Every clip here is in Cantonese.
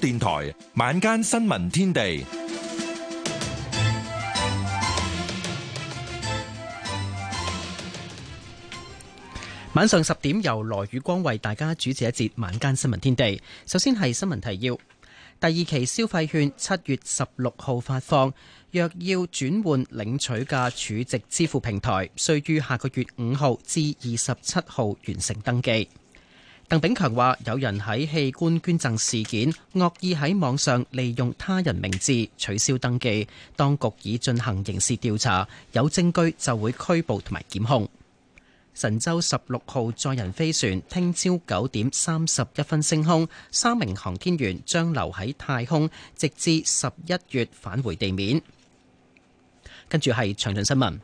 電台晚間新聞天地，晚上十點由羅宇光為大家主持一節晚間新聞天地。首先係新聞提要，第二期消費券七月十六號發放，若要轉換領取嘅儲值支付平台，需於下個月五號至二十七號完成登記。鄧炳強話：有人喺器官捐贈事件惡意喺網上利用他人名字取消登記，當局已進行刑事調查，有證據就會拘捕同埋檢控。神舟十六號載人飛船聽朝九點三十一分升空，三名航天員將留喺太空，直至十一月返回地面。跟住係詳盡新聞。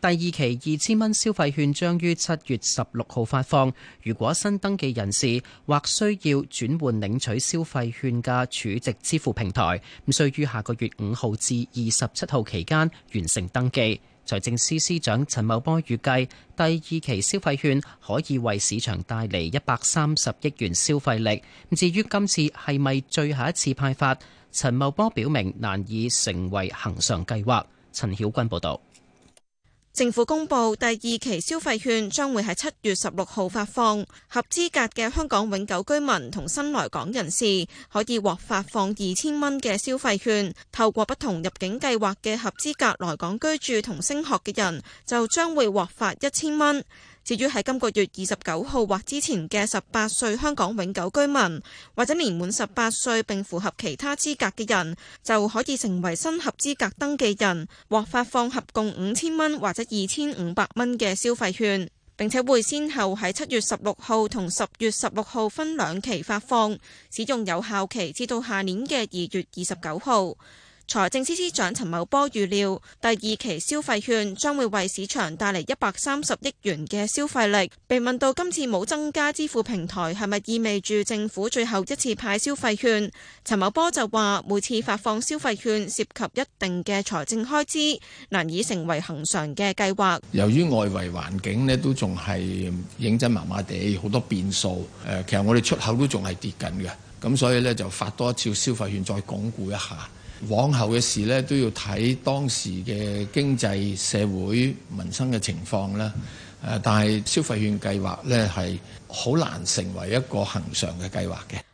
第二期二千蚊消費券將於七月十六號發放。如果新登記人士或需要轉換領取消費券嘅儲值支付平台，需於下個月五號至二十七號期間完成登記。財政司司長陳茂波預計第二期消費券可以為市場帶嚟一百三十億元消費力。至於今次係咪最後一次派發，陳茂波表明難以成為恆常計劃，陳曉君報道。政府公布第二期消費券將會喺七月十六號發放，合資格嘅香港永久居民同新來港人士可以獲發放二千蚊嘅消費券。透過不同入境計劃嘅合資格來港居住同升學嘅人，就將會獲發一千蚊。至於喺今個月二十九號或之前嘅十八歲香港永久居民，或者年滿十八歲並符合其他資格嘅人，就可以成為新合資格登記人，獲發放合共五千蚊或者二千五百蚊嘅消費券。並且會先後喺七月十六號同十月十六號分兩期發放，使用有效期至到下年嘅二月二十九號。財政司司長陳茂波預料，第二期消費券將會為市場帶嚟一百三十億元嘅消費力。被問到今次冇增加支付平台係咪意味住政府最後一次派消費券，陳茂波就話：每次發放消費券涉及一定嘅財政開支，難以成為恒常嘅計劃。由於外圍環境呢都仲係認真麻麻地，好多變數。誒、呃，其實我哋出口都仲係跌緊嘅，咁所以呢，就發多一次消費券，再鞏固一下。往後嘅事咧，都要睇當時嘅經濟、社會、民生嘅情況啦。誒，但係消費券計劃咧，係好難成為一個恒常嘅計劃嘅。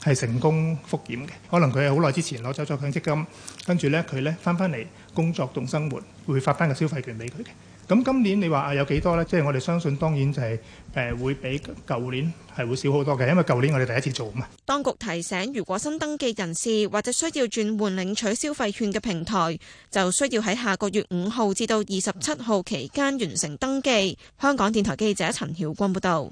係成功復現嘅，可能佢係好耐之前攞走咗強積金，跟住呢佢呢翻翻嚟工作同生活，會發翻個消費券俾佢嘅。咁今年你話啊有幾多呢？即係我哋相信當然就係誒會比舊年係會少好多嘅，因為舊年我哋第一次做嘛。當局提醒，如果新登記人士或者需要轉換領取消費券嘅平台，就需要喺下個月五號至到二十七號期間完成登記。香港電台記者陳曉君報道。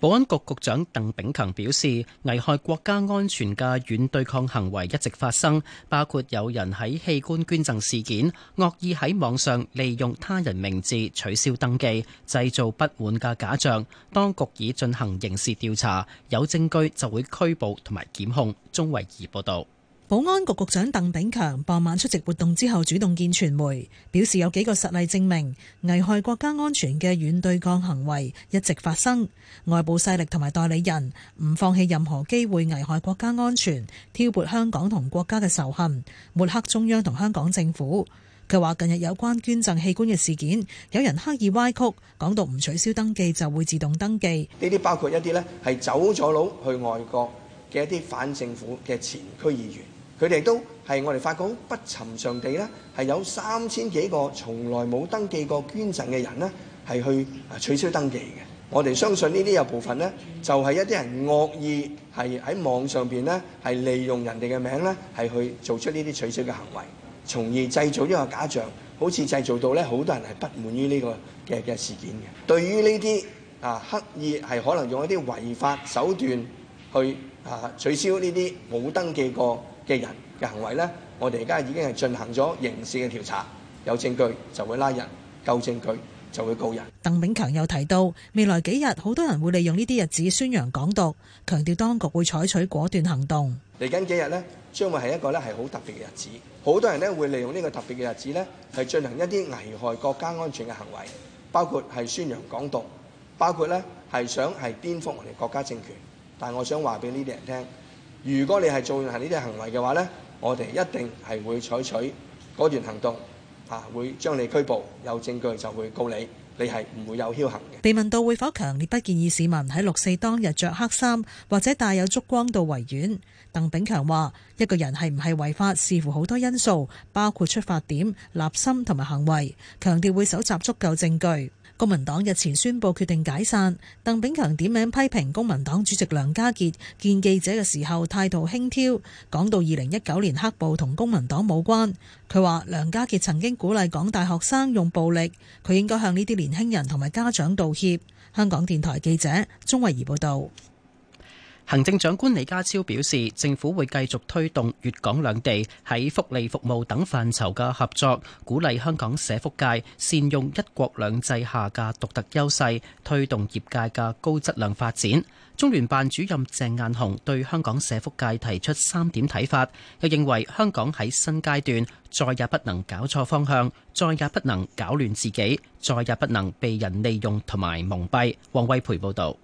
保安局局長鄧炳強表示，危害國家安全嘅軟對抗行為一直發生，包括有人喺器官捐贈事件惡意喺網上利用他人名字取消登記，製造不滿嘅假象。當局已進行刑事調查，有證據就會拘捕同埋檢控。鍾慧儀報道。保安局局長鄧炳強傍晚出席活動之後，主動見傳媒，表示有幾個實例證明危害國家安全嘅軟對抗行為一直發生，外部勢力同埋代理人唔放棄任何機會危害國家安全，挑撥香港同國家嘅仇恨，抹黑中央同香港政府。佢話近日有關捐贈器官嘅事件，有人刻意歪曲，講到唔取消登記就會自動登記。呢啲包括一啲呢，係走咗佬去外國嘅一啲反政府嘅前區議員。佢哋都係我哋發覺不尋常地咧，係有三千幾個從來冇登記過捐贈嘅人咧，係去啊取消登記嘅。我哋相信呢啲有部分咧就係一啲人惡意係喺網上邊咧係利用人哋嘅名咧係去做出呢啲取消嘅行為，從而製造呢個假象，好似製造到咧好多人係不滿於呢個嘅嘅事件嘅。對於呢啲啊，刻意係可能用一啲違法手段去啊取消呢啲冇登記過。嘅人嘅行為咧，我哋而家已經係進行咗刑事嘅調查，有證據就會拉人，夠證據就會告人。鄧炳強又提到，未來幾日好多人會利用呢啲日子宣揚港獨，強調當局會採取果斷行動，嚟緊幾日咧，將會係一個咧係好特別嘅日子，好多人咧會利用呢個特別嘅日子咧，係進行一啲危害國家安全嘅行為，包括係宣揚港獨，包括咧係想係顛覆我哋國家政權，但係我想話俾呢啲人聽。如果你係做行呢啲行為嘅話咧，我哋一定係會採取嗰段行動啊，會將你拘捕，有證據就會告你，你係唔會有僥倖嘅。被問到會否強烈不建議市民喺六四當日著黑衫或者帶有燭光到維園，鄧炳強話一個人係唔係違法視乎好多因素，包括出發點、立心同埋行為，強調會搜集足夠證據。公民黨日前宣布決定解散，鄧炳強點名批評公民黨主席梁家傑見記者嘅時候態度輕佻，講到二零一九年黑暴同公民黨冇關。佢話梁家傑曾經鼓勵港大學生用暴力，佢應該向呢啲年輕人同埋家長道歉。香港電台記者鍾慧儀報導。行政長官李家超表示，政府會繼續推動粵港兩地喺福利服務等範疇嘅合作，鼓勵香港社福界善用一國兩制下嘅獨特優勢，推動業界嘅高質量發展。中聯辦主任鄭雁雄對香港社福界提出三點睇法，又認為香港喺新階段再也不能搞錯方向，再也不能搞亂自己，再也不能被人利用同埋蒙蔽。王威培報道。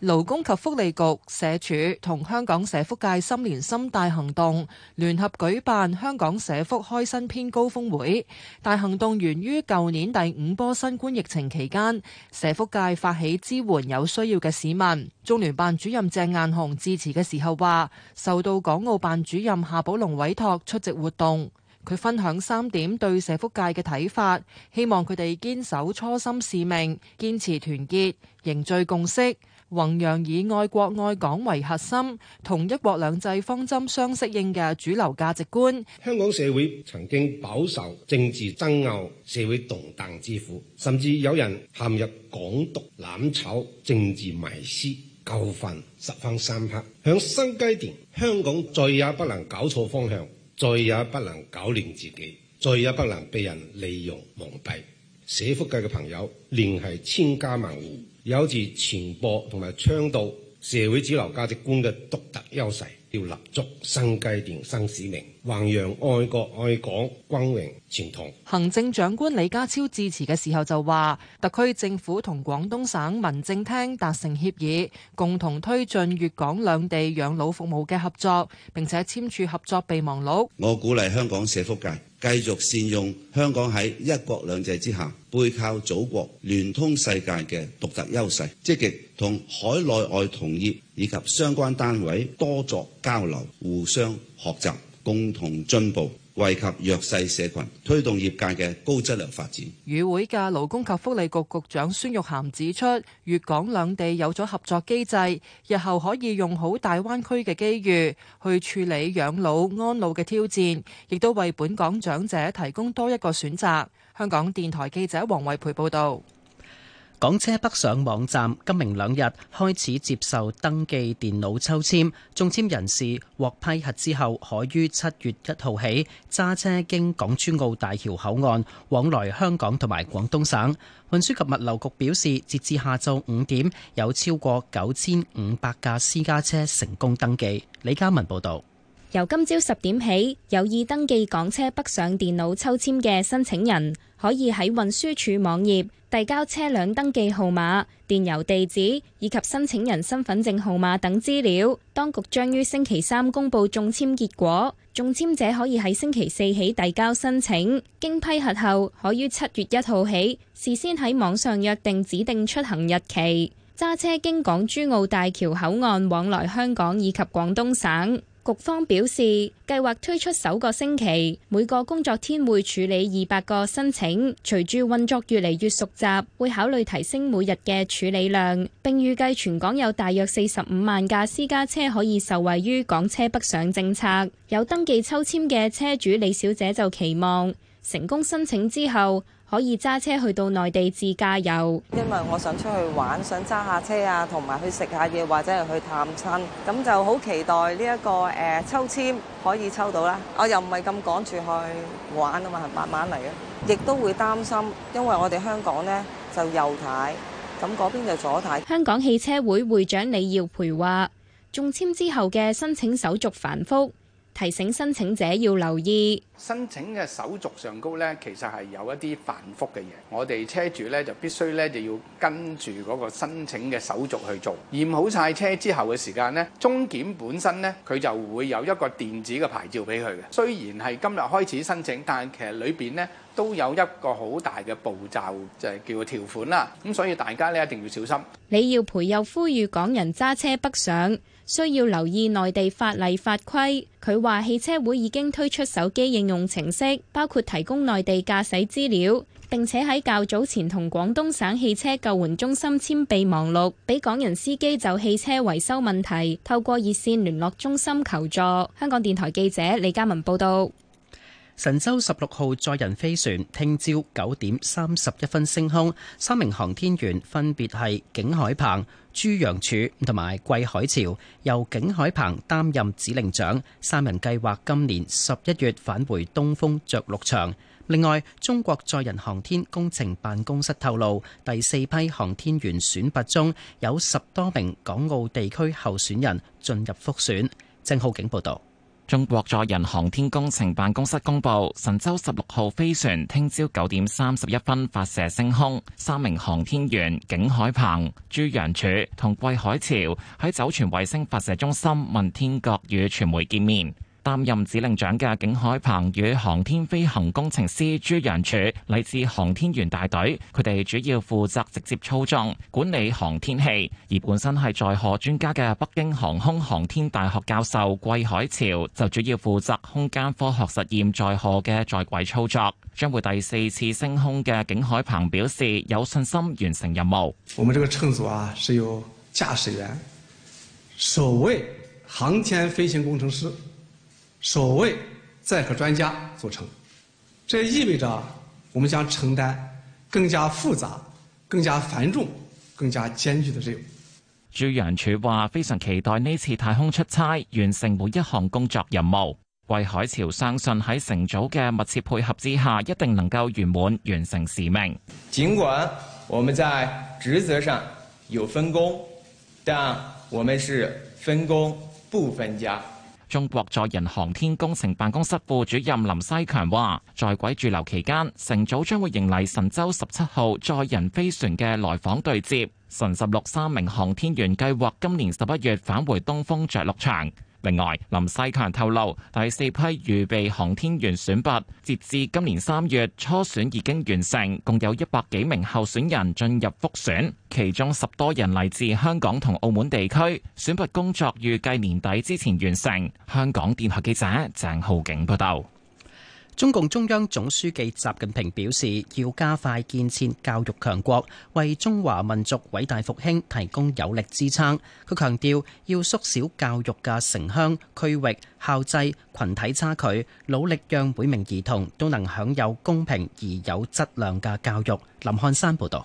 勞工及福利局社署同香港社福界心連心大行動聯合舉辦香港社福開新篇高峰會。大行動源於舊年第五波新冠疫情期間，社福界發起支援有需要嘅市民。中聯辦主任鄭雁雄致辭嘅時候話，受到港澳辦主任夏寶龍委託出席活動。佢分享三點對社福界嘅睇法，希望佢哋堅守初心使命，堅持團結，凝聚共識。弘揚以愛國愛港為核心、同一國兩制方針相適應嘅主流價值觀。香港社會曾經飽受政治爭拗、社會動盪之苦，甚至有人陷入港獨、攬炒、政治迷思、教訓，十分深刻。響新階段，香港再也不能搞錯方向，再也不能搞亂自己，再也不能被人利用矇蔽。社福界嘅朋友，聯繫千家萬戶。有住傳播同埋倡導社會主流價值觀嘅獨特優勢，要立足新階段新使命，弘揚愛國愛港光榮傳統。行政長官李家超致辭嘅時候就話，特區政府同廣東省民政廳達成協議，共同推進粵港兩地養老服務嘅合作，並且簽署合作備忘錄。我鼓勵香港社福界，繼續善用香港喺一國兩制之下背靠祖國聯通世界嘅獨特優勢，積極同海內外同業以及相關單位多作交流，互相學習，共同進步。惠及弱勢社群，推動業界嘅高質量發展。與會嘅勞工及福利局局長孫玉菡指出，粵港兩地有咗合作機制，日後可以用好大灣區嘅機遇去處理養老安老嘅挑戰，亦都為本港長者提供多一個選擇。香港電台記者黃惠培報道。港車北上網站今明兩日開始接受登記電腦抽籤，中籤人士獲批核之後，可於七月一號起揸車經港珠澳大橋口岸往來香港同埋廣東省。運輸及物流局表示，截至下晝五點，有超過九千五百架私家車成功登記。李嘉文報導。由今朝十點起，有意登記港車北上電腦抽籤嘅申請人，可以喺運輸署網頁遞交車輛登記號碼、電郵地址以及申請人身份證號碼等資料。當局將於星期三公布中籤結果，中籤者可以喺星期四起遞交申請，經批核後，可於七月一號起，事先喺網上約定指定出行日期，揸車經港珠澳大橋口岸往來香港以及廣東省。局方表示，計劃推出首個星期，每個工作天會處理二百個申請。隨住運作越嚟越熟習，會考慮提升每日嘅處理量，並預計全港有大約四十五萬架私家車可以受惠於港車北上政策。有登記抽籤嘅車主李小姐就期望。成功申請之後，可以揸車去到內地自駕遊。因為我想出去玩，想揸下車啊，同埋去食下嘢，或者係去探親。咁就好期待呢、這、一個誒、呃、抽籤可以抽到啦。我又唔係咁趕住去玩啊嘛，慢慢嚟嘅，亦都會擔心，因為我哋香港呢就右軚，咁嗰邊就左軚。香港汽車會會長李耀培話：中籤之後嘅申請手續繁複。提醒申請者要留意申請嘅手續上高呢，其實係有一啲繁複嘅嘢。我哋車主呢，就必須呢，就要跟住嗰個申請嘅手續去做，驗好晒車之後嘅時間呢，中檢本身呢，佢就會有一個電子嘅牌照俾佢嘅。雖然係今日開始申請，但係其實裏邊呢，都有一個好大嘅步驟，就係叫做條款啦。咁所以大家呢，一定要小心。你要培幼，呼籲港人揸車北上，需要留意內地法例法規。佢話：汽車會已經推出手機應用程式，包括提供內地駕駛資料，並且喺較早前同廣東省汽車救援中心簽備忘錄，俾港人司機就汽車維修問題透過熱線聯絡中心求助。香港電台記者李嘉文報道。神舟十六號載人飛船聽朝九點三十一分升空，三名航天員分別係景海鵬、朱楊柱同埋桂海潮，由景海鵬擔任指令長。三人計劃今年十一月返回東風着陸場。另外，中國載人航天工程辦公室透露，第四批航天員選拔中有十多名港澳地區候選人進入複選。鄭浩景報道。中國載人航天工程辦公室公布，神舟十六號飛船聽朝九點三十一分發射升空，三名航天員景海鵬、朱楊柱同桂海潮喺酒泉衛星發射中心問天閣與傳媒見面。擔任指令長嘅景海鵬與航天飛行工程師朱楊柱嚟自航天員大隊，佢哋主要負責直接操縱管理航天器，而本身係載荷專家嘅北京航空航天大學教授桂海潮就主要負責空間科學實驗載荷嘅在軌操作。將會第四次升空嘅景海鵬表示有信心完成任務。我們這個乘組啊，是由駕駛員、首位航天飛行工程師。首位載荷專家組成，這意味着我們將承擔更加複雜、更加繁重、更加艱巨的任務。朱楊柱話：非常期待呢次太空出差，完成每一項工作任務。為海潮相信喺成組嘅密切配合之下，一定能夠圓滿完成使命。盡管我們在職責上有分工，但我們是分工不分家。中國載人航天工程辦公室副主任林西強話：在軌駐留期間，乘組將會迎嚟神舟十七號載人飛船嘅來訪對接。神十六三名航天員計劃今年十一月返回東風着陸場。另外，林西強透露，第四批預備航天員選拔截至今年三月初選已經完成，共有一百幾名候選人進入複選，其中十多人嚟自香港同澳門地區，選拔工作預計年底之前完成。香港電台記者鄭浩景報道。中共中央總書記習近平表示，要加快建設教育強國，為中華民族偉大復興提供有力支撐。佢強調要縮小教育嘅城鄉、區域、校際、群體差距，努力讓每名兒童都能享有公平而有質量嘅教育。林漢山報道。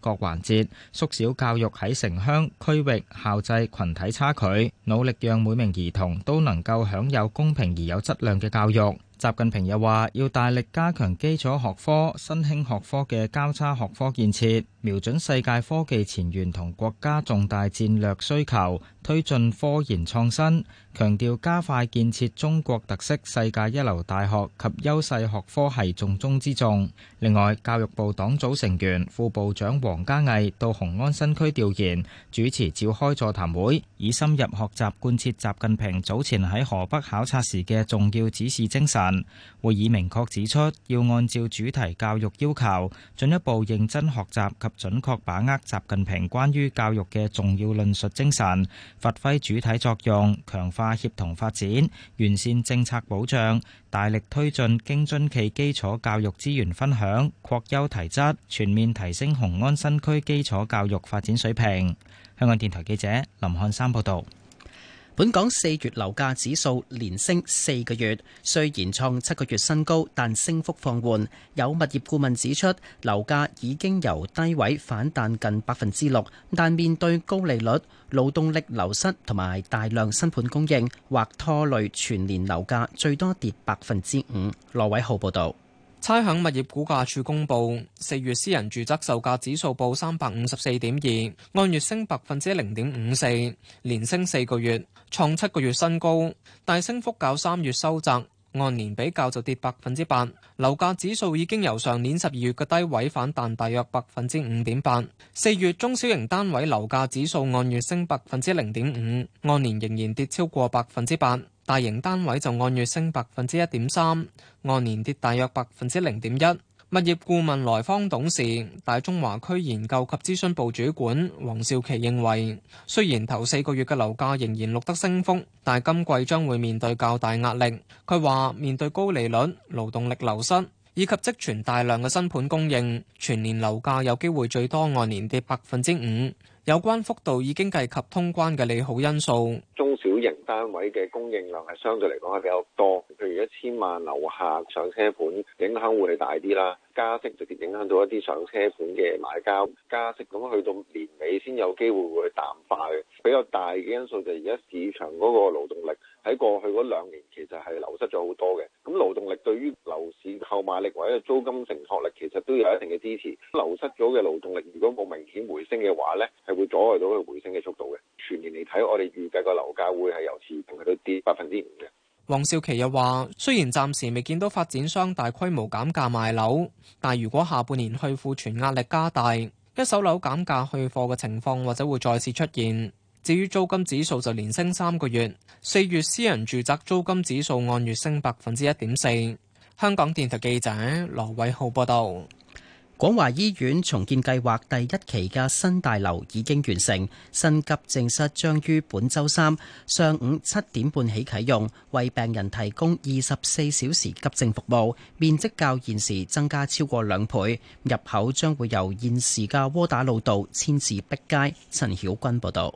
各環節縮小教育喺城鄉區域校制群體差距，努力讓每名兒童都能夠享有公平而有質量嘅教育。習近平又話：要大力加強基礎學科、新興學科嘅交叉學科建設。瞄準世界科技前沿同國家重大戰略需求，推進科研創新，強調加快建設中國特色世界一流大學及優勢學科係重中之重。另外，教育部黨組成員副部長王嘉毅到雄安新區調研，主持召開座談會，以深入學習貫徹習近平早前喺河北考察時嘅重要指示精神。會議明確指出，要按照主題教育要求，進一步認真學習及。準確把握習近平關於教育嘅重要論述精神，發揮主體作用，強化協同發展，完善政策保障，大力推進京津冀基礎教育資源分享，擴優提質，全面提升雄安新區基礎教育發展水平。香港電台記者林漢山報道。本港四月樓價指數連升四個月，雖然創七個月新高，但升幅放緩。有物業顧問指出，樓價已經由低位反彈近百分之六，但面對高利率、勞動力流失同埋大量新盤供應，或拖累全年樓價最多跌百分之五。羅偉浩報道。差餉物業估價署公佈，四月私人住宅售價指數報三百五十四點二，按月升百分之零點五四，連升四個月，創七個月新高。大升幅較三月收窄，按年比較就跌百分之八。樓價指數已經由上年十二月嘅低位反彈大約百分之五點八。四月中小型單位樓價指數按月升百分之零點五，按年仍然跌超過百分之八。大型單位就按月升百分之一點三，按年跌大約百分之零點一。物業顧問萊坊董事、大中華區研究及諮詢部主管王兆琪認為，雖然頭四個月嘅樓價仍然錄得升幅，但今季將會面對較大壓力。佢話：面對高利率、勞動力流失以及積存大量嘅新盤供應，全年樓價有機會最多按年跌百分之五。有關幅度已經計及通關嘅利好因素，中小型單位嘅供應量係相對嚟講係比較多，譬如一千萬樓下上車盤，影響會大啲啦。加息直接影響到一啲上車盤嘅買家，加息咁去到年尾先有機會會淡化嘅。比較大嘅因素就係而家市場嗰個勞動力喺過去嗰兩年其實係流失咗好多嘅。咁勞動力對於樓市購買力或者租金承托力其實都有一定嘅支持。流失咗嘅勞動力如果冇明顯回升嘅話呢，係會阻礙到佢回升嘅速度嘅。全年嚟睇，我哋預計個樓價會係由持平去到跌百分之五嘅。黃少祺又話，雖然暫時未見到發展商大規模減價賣樓，但如果下半年去庫存壓力加大，一手樓減價去貨嘅情況或者會再次出現，至於租金指數就連升三個月，四月私人住宅租金指數按月升百分之一點四。香港電台記者羅偉浩報道。廣華醫院重建計劃第一期嘅新大樓已經完成，新急症室將於本周三上午七點半起啟用，為病人提供二十四小時急症服務，面積較現時增加超過兩倍。入口將會由現時嘅窩打老道遷至碧街。陳曉君報道。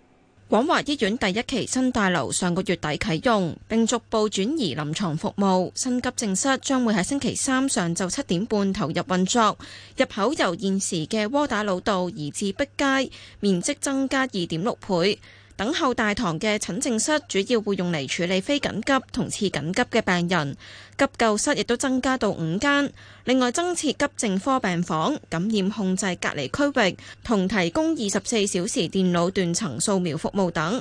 廣華醫院第一期新大樓上個月底啟用，並逐步轉移臨床服務。新急症室將會喺星期三上晝七點半投入運作，入口由現時嘅窩打老道移至碧街，面積增加二點六倍。等候大堂嘅診症室主要會用嚟處理非緊急同次緊急嘅病人，急救室亦都增加到五間。另外，增設急症科病房、感染控制隔離區域同提供二十四小時電腦斷層掃描服務等。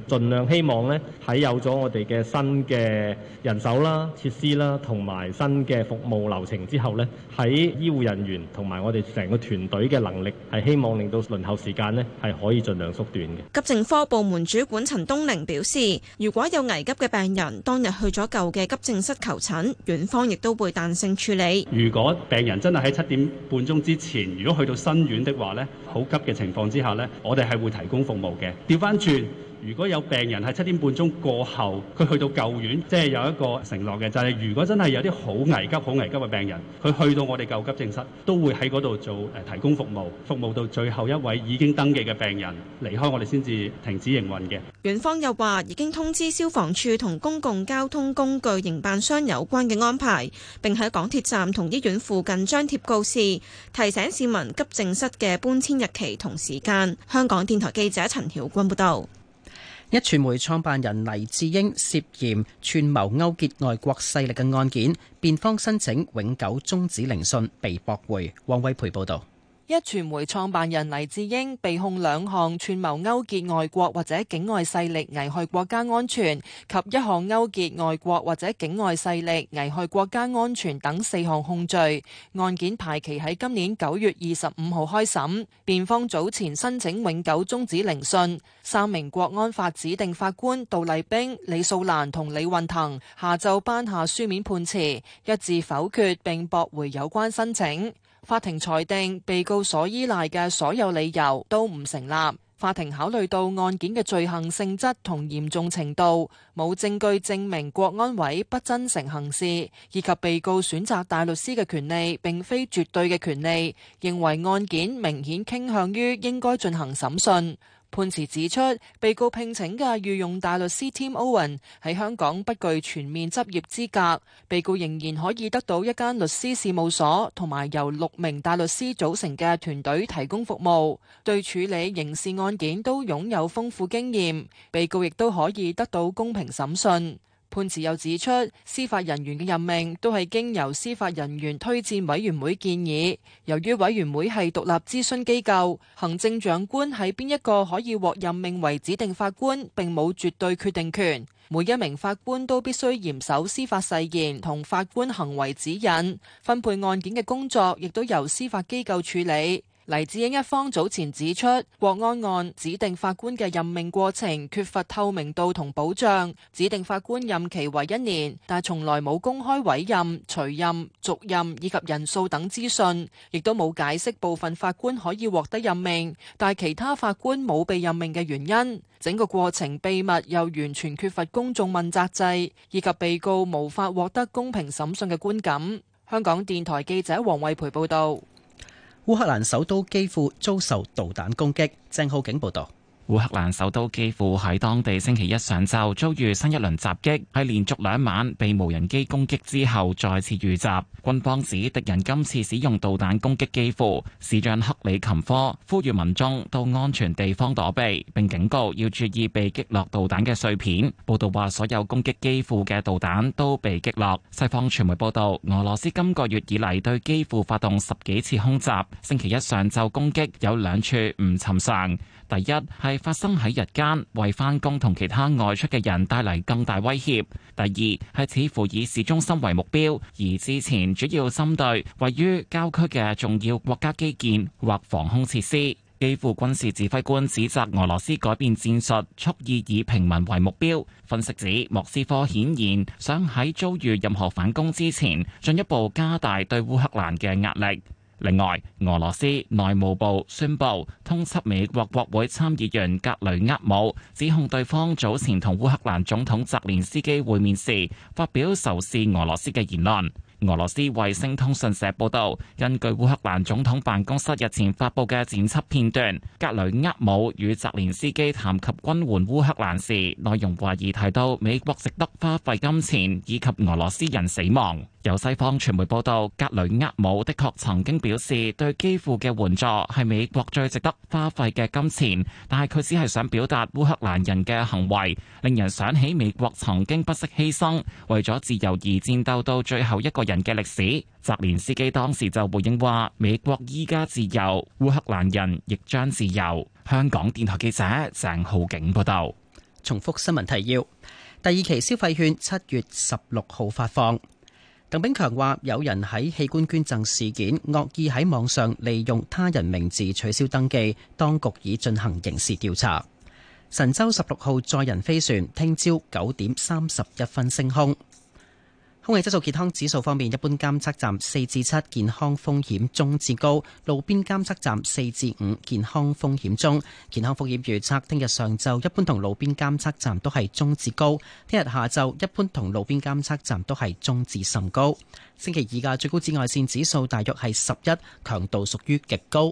盡量希望咧，喺有咗我哋嘅新嘅人手啦、設施啦，同埋新嘅服務流程之後咧，喺醫護人員同埋我哋成個團隊嘅能力係希望令到輪候時間咧係可以盡量縮短嘅。急症科部門主管陳東寧表示，如果有危急嘅病人當日去咗舊嘅急症室求診，院方亦都會彈性處理。如果病人真係喺七點半鐘之前，如果去到新院的話咧，好急嘅情況之下咧，我哋係會提供服務嘅。調返轉。如果有病人係七點半鐘過後，佢去到舊院，即係有一個承諾嘅，就係如果真係有啲好危急、好危急嘅病人，佢去到我哋救急症室都會喺嗰度做誒提供服務，服務到最後一位已經登記嘅病人離開，我哋先至停止營運嘅。院方又話已經通知消防處同公共交通工具營辦商有關嘅安排，並喺港鐵站同醫院附近張貼告示，提醒市民急症室嘅搬遷日期同時間。香港電台記者陳曉君報道。一傳媒創辦人黎智英涉嫌串謀勾結外國勢力嘅案件，辯方申請永久終止聆訊，被駁回。王偉培報道。一傳媒創辦人黎智英被控兩項串謀勾結外國或者境外勢力危害國家安全及一項勾結外國或者境外勢力危害國家安全等四項控罪，案件排期喺今年九月二十五號開審。辯方早前申請永久終止聆訊，三名國安法指定法官杜麗冰、李素蘭同李運騰下晝頒下書面判詞，一致否決並駁回有關申請。法庭裁定被告所依賴嘅所有理由都唔成立。法庭考慮到案件嘅罪行性質同嚴重程度，冇證據證明國安委不真誠行事，以及被告選擇大律師嘅權利並非絕對嘅權利，認為案件明顯傾向於應該進行審訊。判詞指出，被告聘請嘅御用大律師 Tim Owen 喺香港不具全面執業資格，被告仍然可以得到一間律師事務所同埋由六名大律師組成嘅團隊提供服務，對處理刑事案件都擁有豐富經驗，被告亦都可以得到公平審訊。判詞又指出，司法人員嘅任命都係經由司法人員推薦委員會建議。由於委員會係獨立諮詢機構，行政長官喺邊一個可以獲任命為指定法官，並冇絕對決定權。每一名法官都必須嚴守司法誓言同法官行為指引。分配案件嘅工作亦都由司法機構處理。黎智英一方早前指出，國安案指定法官嘅任命過程缺乏透明度同保障。指定法官任期為一年，但係從來冇公開委任、除任、續任以及人數等資訊，亦都冇解釋部分法官可以獲得任命，但係其他法官冇被任命嘅原因。整個過程秘密又完全缺乏公眾問責制，以及被告無法獲得公平審訊嘅觀感。香港電台記者黃慧培報導。烏克蘭首都基輔遭受導彈攻擊，鄭浩景報道。烏克蘭首都基輔喺當地星期一上晝遭遇新一輪襲擊，喺連續兩晚被無人機攻擊之後，再次遇襲。軍方指敵人今次使用導彈攻擊基輔，市長克里琴科呼籲民眾到安全地方躲避，並警告要注意被擊落導彈嘅碎片。報道話，所有攻擊基輔嘅導彈都被擊落。西方傳媒報道，俄羅斯今個月以嚟對基輔發動十幾次空襲，星期一上晝攻擊有兩處唔尋常，第一係，發生喺日間，為翻工同其他外出嘅人帶嚟更大威脅。第二係似乎以市中心為目標，而之前主要針對位於郊區嘅重要國家基建或防空設施。基輔軍事指揮官指責俄羅斯改變戰術，蓄意以平民為目標。分析指莫斯科顯然想喺遭遇任何反攻之前，進一步加大對烏克蘭嘅壓力。另外，俄羅斯內務部宣布通緝美國國會參議員格雷厄姆，指控對方早前同烏克蘭總統澤連斯基會面時發表仇視俄羅斯嘅言論。俄羅斯衛星通訊社報導，根據烏克蘭總統辦公室日前發布嘅剪輯片段，格雷厄姆與澤連斯基談及軍援烏克蘭時，內容懷疑提到美國值得花費金錢以及俄羅斯人死亡。由西方傳媒報道，格雷厄姆的確曾經表示，對基輔嘅援助係美國最值得花費嘅金錢，但係佢只係想表達烏克蘭人嘅行為令人想起美國曾經不惜犧牲為咗自由而戰鬥到最後一個人嘅歷史。澤連斯基當時就回應話：美國依家自由，烏克蘭人亦將自由。香港電台記者鄭浩景報道。重複新聞提要：第二期消費券七月十六號發放。鄧炳強話：有人喺器官捐贈事件惡意喺網上利用他人名字取消登記，當局已進行刑事調查。神舟十六號載人飛船聽朝九點三十一分升空。空氣質素健康指數方面，一般監測站四至七，健康風險中至高；路邊監測站四至五，健康風險中。健康風險預測：聽日上晝一般同路邊監測站都係中至高；聽日下晝一般同路邊監測站都係中至甚高。星期二嘅最高紫外線指數大約係十一，強度屬於極高。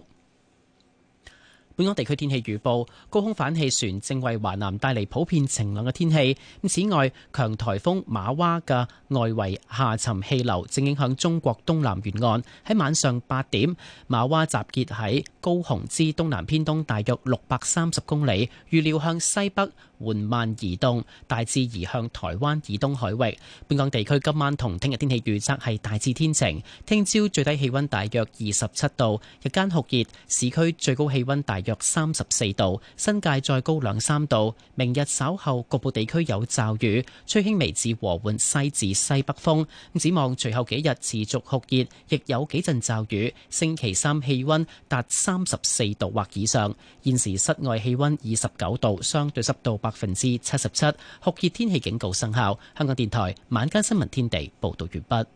本港地區天氣預報，高空反氣旋正為華南帶嚟普遍晴朗嘅天氣。此外，強颱風瑪娃嘅外圍下沉氣流正影響中國東南沿岸。喺晚上八點，瑪娃集結喺高雄之東南偏東大約六百三十公里，預料向西北緩慢移動，大致移向台灣以東海域。本港地區今晚同聽日天氣預測係大致天晴，聽朝最低氣温大約二十七度，日間酷熱，市區最高氣温大約三十四度，新界再高兩三度。明日稍後局部地區有驟雨，吹輕微至和緩西至西北風。指望隨後幾日持續酷熱，亦有幾陣驟雨。星期三氣温達三十四度或以上。現時室外氣温二十九度，相對濕度八百分之七十七，酷熱天氣警告生效。香港電台晚間新聞天地報道完畢。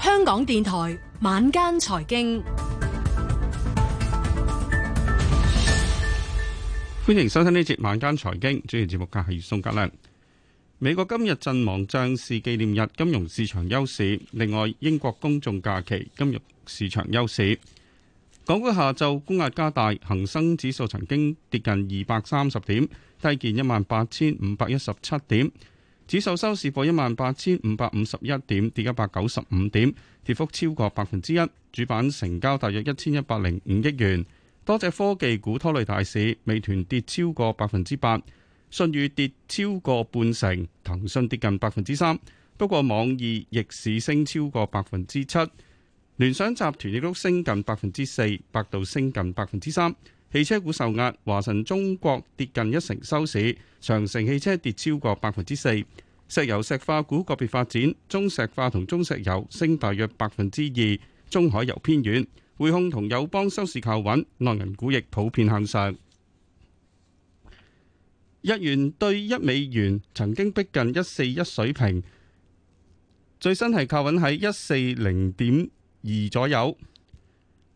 香港電台晚間財經，歡迎收聽呢節晚間財經。主持節目嘅係宋格亮。美國今日陣亡將士紀念日，金融市場休市。另外，英國公眾假期，金融市場休市。港股下晝沽壓加大，恒生指數曾經跌近二百三十點，低見一萬八千五百一十七點。指數收市報一萬八千五百五十一點，跌一百九十五點，跌幅超過百分之一。主板成交大約一千一百零五億元。多隻科技股拖累大市，美團跌超過百分之八，舜宇跌超過半成，騰訊跌近百分之三。不過網易逆市升超過百分之七。聯想集團亦都升近百分之四，百度升近百分之三。汽車股受壓，華晨中國跌近一成收市，長城汽車跌超過百分之四。石油石化股個別發展，中石化同中石油升大約百分之二，中海油偏軟。匯控同友邦收市靠穩，內銀股亦普遍向上。日元兌一美元曾經逼近一四一水平，最新係靠穩喺一四零點二左右，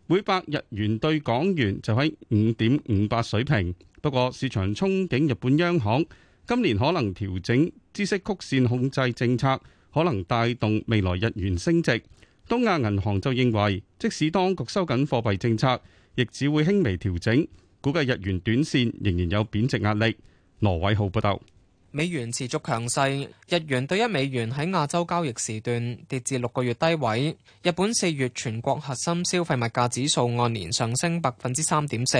每百日元兌港元就喺五點五八水平。不過市場憧憬日本央行今年可能調整孳息曲線控制政策，可能帶動未來日元升值。東亞銀行就認為即使當局收緊貨幣政策，亦只會輕微調整，估計日元短綫仍然有貶值壓力。羅偉浩報道。美元持續強勢，日元對一美元喺亞洲交易時段跌至六個月低位。日本四月全國核心消費物價指數按年上升百分之三點四，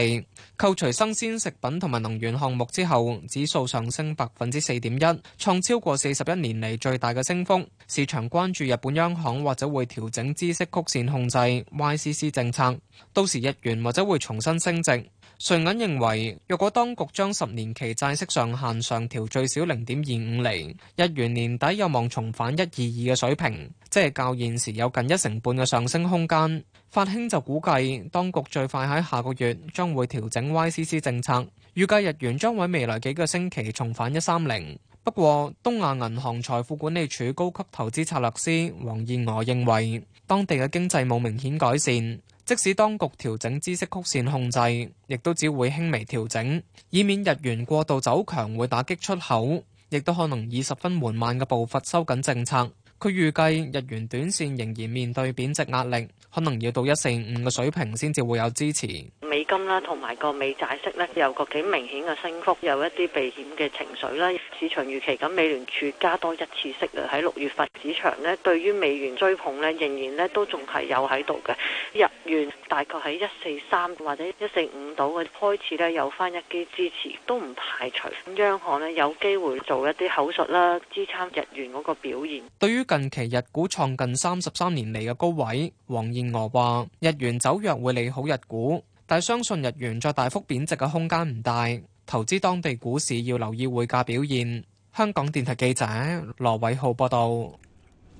扣除生鮮食品同埋能源項目之後，指數上升百分之四點一，創超過四十一年嚟最大嘅升幅。市場關注日本央行或者會調整孳息曲線控制 YCC 政策，到時日元或者會重新升值。瑞銀認為，若果當局將十年期債息上限上調最少零點二五厘，日元年底有望重返一二二嘅水平，即係較現時有近一成半嘅上升空間。法興就估計，當局最快喺下個月將會調整 YCC 政策，預計日元將喺未來幾個星期重返一三零。不過，東亞銀行財富管理處高級投資策略師黃燕娥認為，當地嘅經濟冇明顯改善。即使當局調整孳息曲線控制，亦都只會輕微調整，以免日元過度走強會打擊出口，亦都可能以十分緩慢嘅步伐收緊政策。佢預計日元短線仍然面對貶值壓力，可能要到一四五嘅水平先至會有支持。美金啦，同埋個美債息咧，有個幾明顯嘅升幅，有一啲避險嘅情緒啦。市場預期咁，美聯儲加多一次息啊，喺六月份市場呢對於美元追捧呢，仍然呢都仲係有喺度嘅。日元大概喺一四三或者一四五度嘅開始呢，有翻一啲支持，都唔排除。咁央行呢，有機會做一啲口述啦，支撐日元嗰個表現。對於近期日股創近三十三年嚟嘅高位，黃燕娥話：日元走弱會利好日股，但相信日元再大幅貶值嘅空間唔大。投資當地股市要留意匯價表現。香港電台記者羅偉浩報道：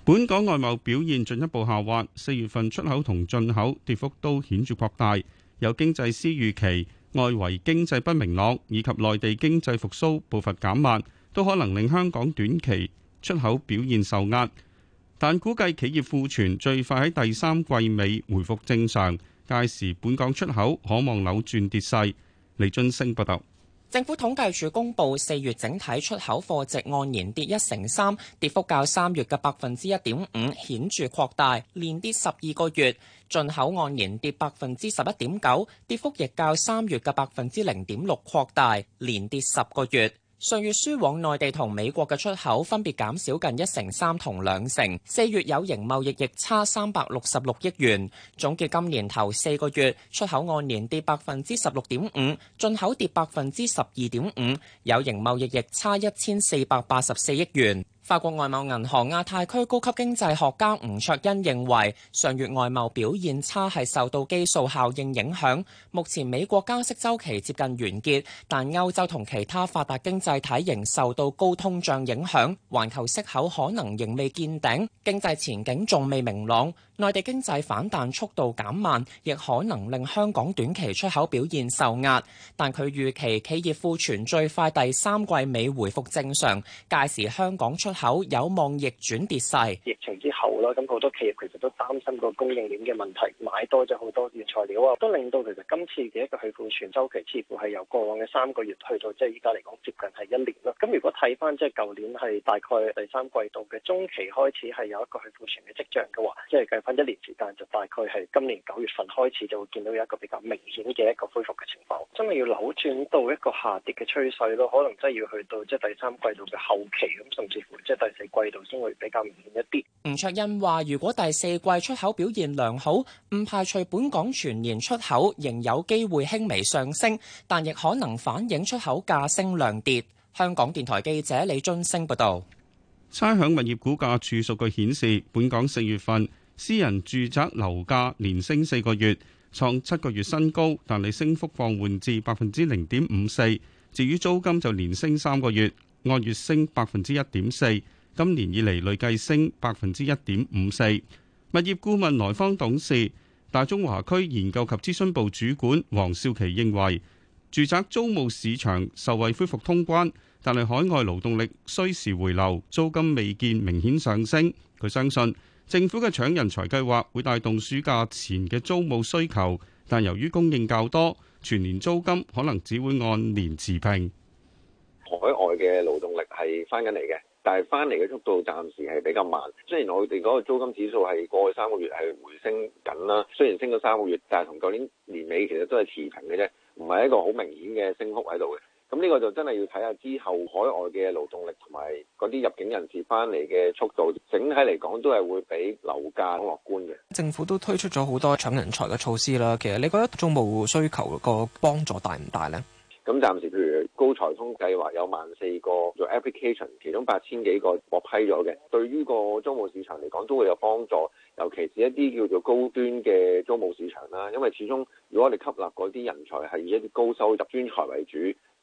本港外貿表現進一步下滑，四月份出口同進口跌幅都顯著擴大。有經濟師預期，外圍經濟不明朗以及內地經濟復蘇步伐減慢，都可能令香港短期。出口表現受壓，但估計企業庫存最快喺第三季尾回復正常，屆時本港出口可望扭轉跌勢。李津升報道，政府統計處公布四月整體出口貨值按年跌一成三，跌幅較三月嘅百分之一點五顯著擴大，連跌十二個月。進口按年跌百分之十一點九，跌幅亦較三月嘅百分之零點六擴大，連跌十個月。上月輸往內地同美國嘅出口分別減少近一成三同兩成，四月有形貿易逆差三百六十六億元。總結今年頭四個月出口按年跌百分之十六點五，進口跌百分之十二點五，有形貿易逆差一千四百八十四億元。法國外貿銀行亞太區高級經濟學家吳卓恩認為，上月外貿表現差係受到基數效應影響。目前美國加息週期接近完結，但歐洲同其他發達經濟體仍受到高通脹影響，環球息口可能仍未見頂，經濟前景仲未明朗。內地經濟反彈速度減慢，亦可能令香港短期出口表現受壓。但佢預期企業庫存最快第三季尾回復正常，屆時香港出有望逆轉跌勢，疫情之後啦，咁好多企業其實都擔心個供應鏈嘅問題，買多咗好多原材料啊，都令到其實今次嘅一個去庫存週期，似乎係由過往嘅三個月去到即係依家嚟講接近係一年啦。咁如果睇翻即係舊年係大概第三季度嘅中期開始係有一個去庫存嘅跡象嘅話，即係計翻一年時間就大概係今年九月份開始就會見到有一個比較明顯嘅一個恢復嘅情況，真係要扭轉到一個下跌嘅趨勢咯，可能真係要去到即係第三季度嘅後期咁，甚至乎。即第四季度先會比較明顯一啲。吳卓欣話，如果第四季出口表現良好，唔排除本港全年出口仍有機會輕微上升，但亦可能反映出口價升量跌。香港電台記者李津升報導。差餉物業估價署數據顯示，本港四月份私人住宅樓價連升四個月，創七個月新高，但係升幅放緩至百分之零點五四。至於租金就連升三個月。按月升百分之一點四，今年以嚟累計升百分之一點五四。物業顧問來方董事、大中華區研究及諮詢部主管黃少琪認為，住宅租務市場受惠恢復通關，但係海外勞動力需時回流，租金未見明顯上升。佢相信政府嘅搶人才計劃會帶動暑假前嘅租務需求，但由於供應較多，全年租金可能只會按年持平。海外嘅勞動力係翻緊嚟嘅，但係翻嚟嘅速度暫時係比較慢。雖然我哋嗰個租金指數係過去三個月係回升緊啦，雖然升咗三個月，但係同舊年年尾其實都係持平嘅啫，唔係一個好明顯嘅升幅喺度嘅。咁呢個就真係要睇下之後海外嘅勞動力同埋嗰啲入境人士翻嚟嘅速度，整體嚟講都係會比樓價好樂觀嘅。政府都推出咗好多搶人才嘅措施啦，其實你覺得租務需求嗰個幫助大唔大呢？咁暫時譬如。高才通計劃有萬四個做 application，其中八千幾個獲批咗嘅。對於個租務市場嚟講，都會有幫助，尤其是一啲叫做高端嘅租務市場啦。因為始終，如果我哋吸納嗰啲人才係以一啲高收入專才為主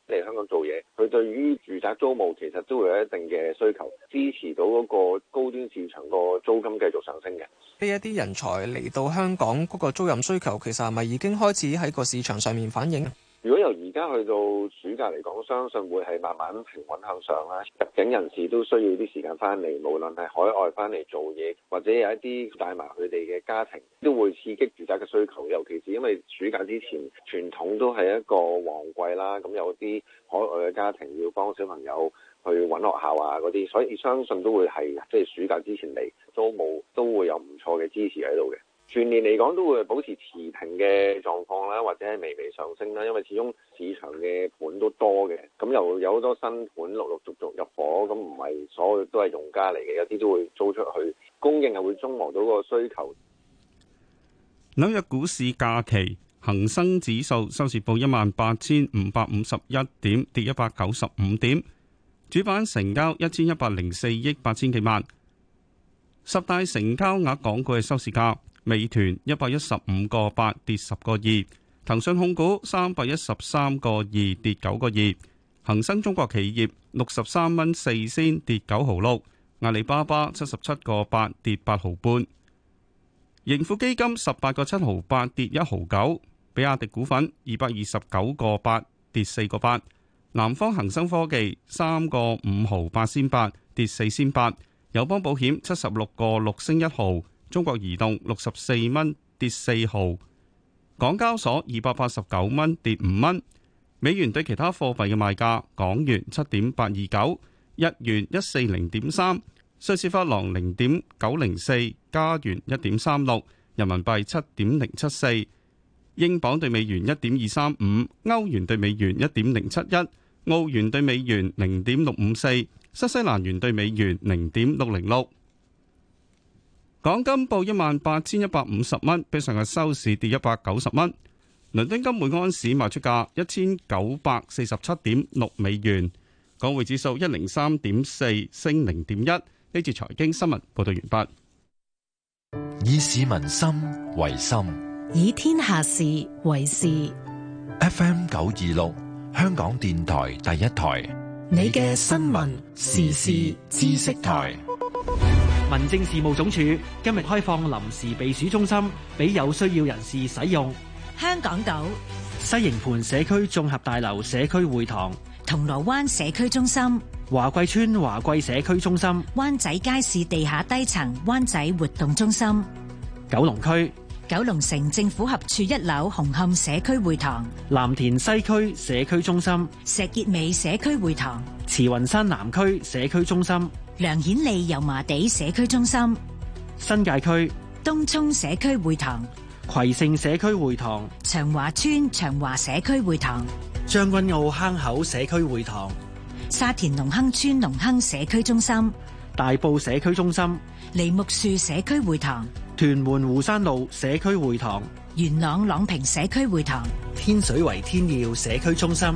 嚟香港做嘢，佢對於住宅租務其實都會有一定嘅需求，支持到嗰個高端市場個租金繼續上升嘅。呢一啲人才嚟到香港嗰、那個租賃需求，其實係咪已經開始喺個市場上面反映？如果由而家去到暑假嚟講，相信會係慢慢平穩向上啦。入境人士都需要啲時間翻嚟，無論係海外翻嚟做嘢，或者有一啲帶埋佢哋嘅家庭，都會刺激住宅嘅需求。尤其是因為暑假之前，傳統都係一個旺季啦。咁有啲海外嘅家庭要幫小朋友去揾學校啊嗰啲，所以相信都會係即係暑假之前嚟都冇都會有唔錯嘅支持喺度嘅。全年嚟講都會保持持平嘅狀況啦，或者係微微上升啦，因為始終市場嘅盤都多嘅，咁又有好多新盤陸陸續續入伙，咁唔係所有都係用家嚟嘅，有啲都會租出去，供應係會中和到個需求。紐約股市假期，恒生指數收市報一萬八千五百五十一點，跌一百九十五點，主板成交一千一百零四億八千幾萬，十大成交額港股嘅收市價。美團一百一十五個八跌十個二，騰訊控股三百一十三個二跌九個二，恒生中國企業六十三蚊四仙跌九毫六，阿里巴巴七十七個八跌八毫半，盈富基金十八個七毫八跌一毫九，比亞迪股份二百二十九個八跌四個八，南方恒生科技三個五毫八仙八跌四仙八，友邦保險七十六個六升一毫。中國移動六十四蚊跌四毫，港交所二百八十九蚊跌五蚊。美元對其他貨幣嘅賣價：港元七點八二九，日元一四零點三，瑞士法郎零點九零四，加元一點三六，人民幣七點零七四，英鎊對美元一點二三五，歐元對美元一點零七一，澳元對美元零點六五四，新西蘭元對美元零點六零六。港金報一萬八千一百五十蚊，比上日收市跌一百九十蚊。倫敦金每安士賣出價一千九百四十七點六美元。港匯指數一零三點四升零點一。呢次財經新聞報道完畢。以市民心為心，以天下事為事。FM 九二六，香港電台第一台，你嘅新聞時事知識台。民政事務總署今日開放臨時避暑中心，俾有需要人士使用。香港島西營盤社區綜合大樓社區會堂、銅鑼灣社區中心、華貴村華貴社區中心、灣仔街市地下低層灣仔活動中心、九龍區九龍城政府合署一樓紅磡社區會堂、藍田西區社區中心、石硤尾社區會堂、慈雲山南區社區中心。梁顯利油麻地社區中心，新界區東涌社區會堂，葵盛社區會堂，長華村長華社區會堂，將軍澳坑口社區會堂，沙田隆亨村隆亨社區中心，大埔社區中心，梨木樹社區會堂，屯門湖山路社區會堂，元朗朗平社區會堂，天水圍天耀社區中心。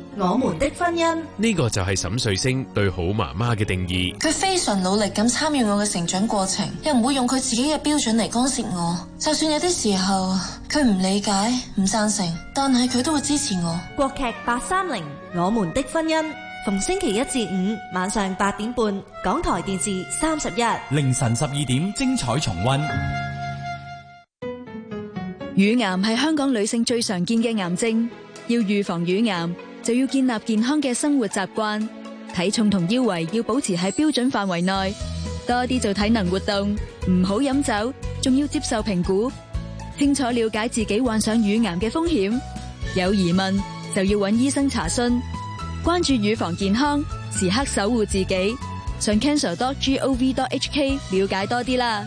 我們的婚姻，呢個就係沈瑞星對好媽媽嘅定義。佢非常努力咁參與我嘅成長過程，又唔會用佢自己嘅標準嚟干涉我。就算有啲時候佢唔理解、唔贊成，但係佢都會支持我。國劇八三零我們的婚姻，逢星期一至五晚上八點半，港台電視三十一凌晨十二點精彩重溫。乳癌係香港女性最常見嘅癌症，要預防乳癌。就要建立健康嘅生活習慣，體重同腰圍要保持喺標準範圍內，多啲做體能活動，唔好飲酒，仲要接受評估，清楚了解自己患上乳癌嘅風險，有疑問就要揾醫生查詢，關注乳房健康，時刻守護自己，上 cancer.gov.hk 了解多啲啦。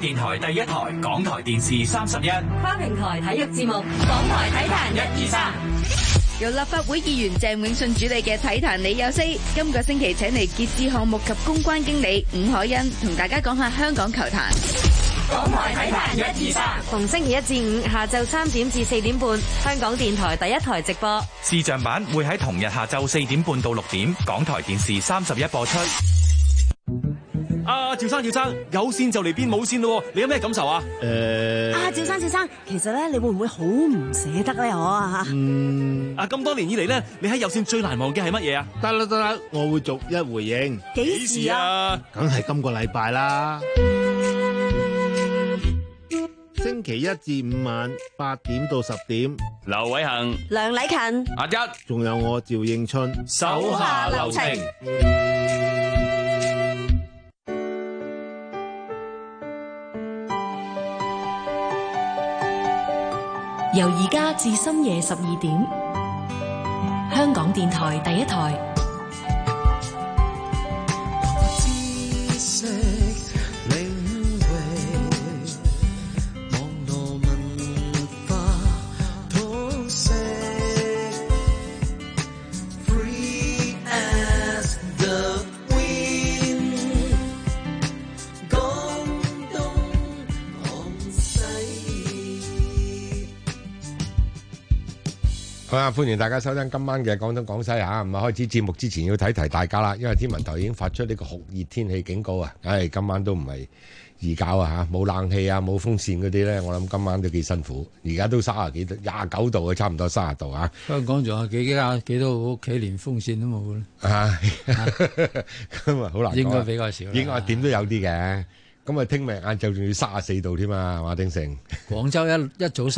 電台第一台，港台電視三十一，跨平台體育節目，港台體壇一二三，由立法會議員鄭泳舜主理嘅體壇你有 C，今個星期請嚟傑志項目及公關經理伍海欣同大家講下香港球壇，港台體壇一二三，逢星期一至五下晝三點至四點半，香港電台第一台直播，視像版會喺同日下晝四點半到六點，港台電視三十一播出。趙生，趙生，有線就嚟變冇線咯，你有咩感受啊？誒，阿趙生，趙生，其實咧，你會唔會好唔捨得咧？我啊吓，嗯，啊咁多年以嚟咧，你喺有線最難忘嘅係乜嘢？啊得啦得啦，我會逐一回應。幾時啊？梗係今個禮拜啦，星期一至五晚八點到十點，劉偉恆、梁禮勤、阿一，仲有我趙應春，手下留情。而家至深夜十二點，香港電台第一台。歡迎大家收聽今晚嘅廣東廣西啊！唔係開始節目之前要提提大家啦，因為天文台已經發出呢個酷熱天氣警告啊！唉，今晚都唔係易搞啊吓，冇冷氣啊，冇風扇嗰啲咧，我諗今晚都幾辛苦。而家都卅幾度，廿九度啊，差唔多卅度啊。香港仲有幾間幾多屋企連風扇都冇咧？啊，咁啊好難。應該比較少。應該點都有啲嘅。咁啊，聽日晏晝仲要卅四度添啊，馬鼎盛。廣州一一早。